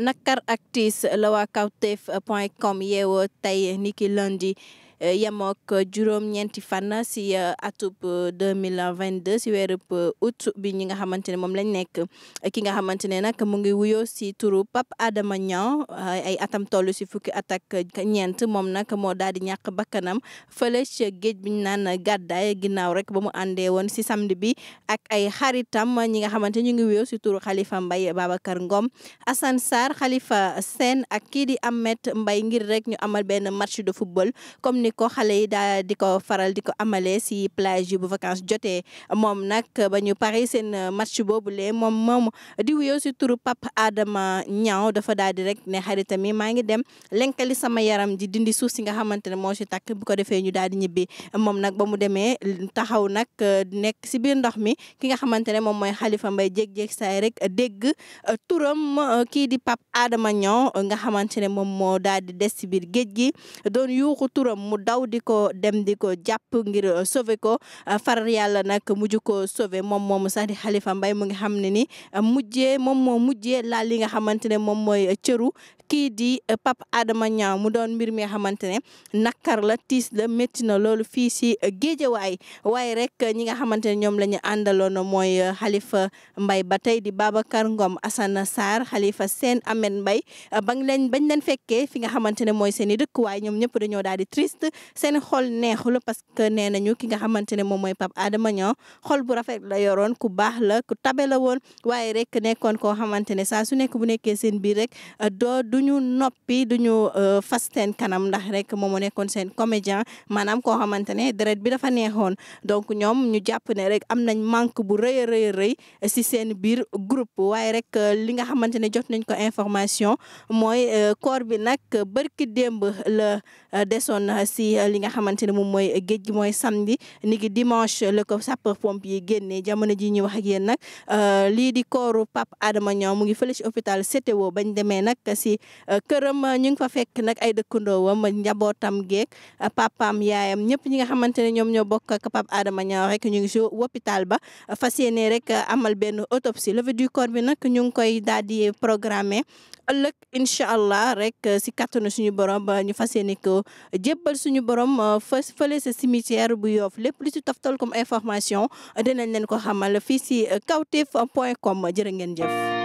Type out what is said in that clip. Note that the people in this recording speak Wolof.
nakkar ak tiis la point com yeewoo tey niki lundi Euh, yemook euh, juróom-ñeenti fan si euh, vingt 2022 si weerub août bi ñi nga xamante ne moom lañ nekk ki nga xamante ne nag mu ngi wuyoo si turu Pape Adama Niang ay atam toll si fukki at ak ñeent moom nag moo daal di ñàkk bakkanam fële ci géej bi ñu naan gàddaay ginnaaw rek ba mu àndee woon si samedi bi ak ay tam ñi nga xamante ñu ngi wuyoo si turu Khalifa Mbaye Babacar Ngom Assane Sarr Khalifa Sène ak kii di Ahmed Mbaye ngir rek ñu amal benn match de football comme ni ni ko xale yi daal di ko faral di ko amalee si plage yi bu vacances jotee moom nag ba ñu pare seen euh, match boobule moom moom di wuyoo si turu pap aadama Niang dafa daal di rek ne xaritam yi maa ngi dem lenkali sama yaram di dindi suuf si nga xamante ne moo si takk bu ko defee ñu daal di ñibbi moom nag ba mu demee taxaw nag euh, nekk si biir ndox mi ki nga xamante ne moom mooy Khalifa Mbaye jékki-jékki saay rek dégg euh, turam kii di Pape aadama Niang nga xamante ne moom moo daal di des si biir géej gi doon yuuxu turam mu daw di ko dem di ko jàpp ngir euh, sauver ko euh, faral yàlla nag mujj ko sauver moom moomu sax di Khalifa Mbaye mu ngi xam ne ni euh, mujjee moom moo mujjee laal li nga xamante ne moom mooy cëru kii di Pape Adama Niang mu doon mbir mi nga xamante ne nakar la tiis la métti na loolu fii si géejawaay waaye rek ñi nga xamante ne ñoom la ñu àndaloon mooy Khalifa Mbaye ba tey di Babacar Ngom Assane Sarr Khalifa Sène Ahmed Mbaye bañ leen bañ leen fekkee fi nga xamante ne mooy seen i dëkk waaye ñoom ñëpp dañoo seen xol neexul parce que nee nañu ki nga xamante ne moom mooy Pape Adama Niang xol bu rafet la yoroon ku baax la ku tabe la woon waaye rek nekkoon koo xamante ne saa su nekk bu nekkee seen biir rek doo ñu noppi duñu euh, fas seen kanam ndax rek moom moo nekkoon seen comédien maanaam koo xamante ne deret bi dafa neexoon donc ñoom ñu jàpp ne rek am nañ manque bu rëy a rëy si seen biir groupe waaye rek euh, li nga xamante ne jot nañ ko information mooy euh, corps bi nag barki démb la si euh, li nga xamante ne mooy géej gi mooy samedi ni ki dimanche la ko sapeur pompier génnee jamono ji ñu wax ak yéen nag euh, lii di kooru Pape Adama Niang mu ngi fële si hôpital CTO bañ demee nag si euh, këram ñu ngi fa fekk nag ay dëkkandoowam njabootam geeg papaam yaayam ñëpp ñi nga xamante ne ñoom ñoo bokk ak Pape Adama Niang rek ñu ngi si hôpital ba fas yéene rek amal benn autopsie levée du corps bi nag ñu ngi koy daal di programmer ëllëg incha allah rek si kattan suñu borom ñu fas suñu borom euh, fa fële sa cimetière bu yoof lépp lu taf taftal comme information dinañ leen ko xamal fii si euh, kawtef point com jërë ngeen jëf